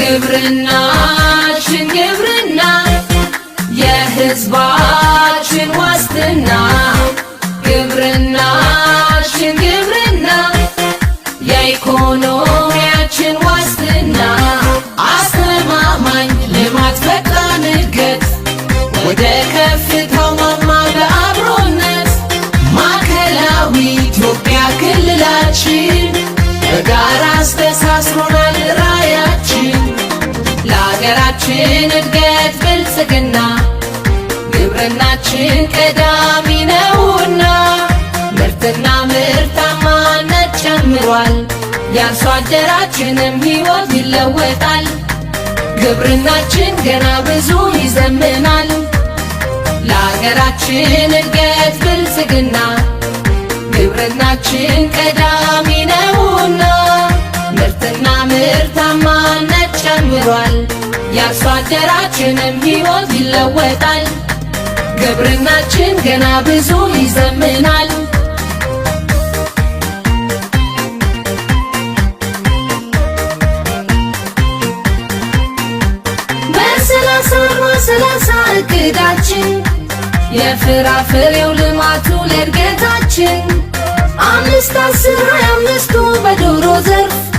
ግብርናችን ግብርና የህዝባችን ዋስትና ግብርናችን ግብርና የኢኮኖሚያችን ዋስትና አስተማማኝ ልማት ፈጣን እድገት ወደ ከፍታው ማማ በአብሮነት ማዕከላዊ ኢትዮጵያ ክልላችን በጋራ አስተሳስሮነ የሀገራችን እድገት ብልጽግና ግብርናችን ቀዳሚ ነውና ምርትና ምርታማነት ጨምሯል። የአርሶ አደራችንም ሕይወት ይለወጣል። ግብርናችን ገና ብዙ ይዘምናል። ለሀገራችን እድገት ብልጽግና ግብርናችን ቀዳሚ ነውና ምርትና ምርታማነት ጨምሯል። የአርሶ አደራችንም ሕይወት ይለወጣል። ግብርናችን ገና ብዙ ይዘምናል። በሰላሳ ሰላሳ እቅዳችን የፍራፍሬው ልማቱ ለእድገታችን አምስት አስር ሃያ አምስቱ በዶሮ ዘርፍ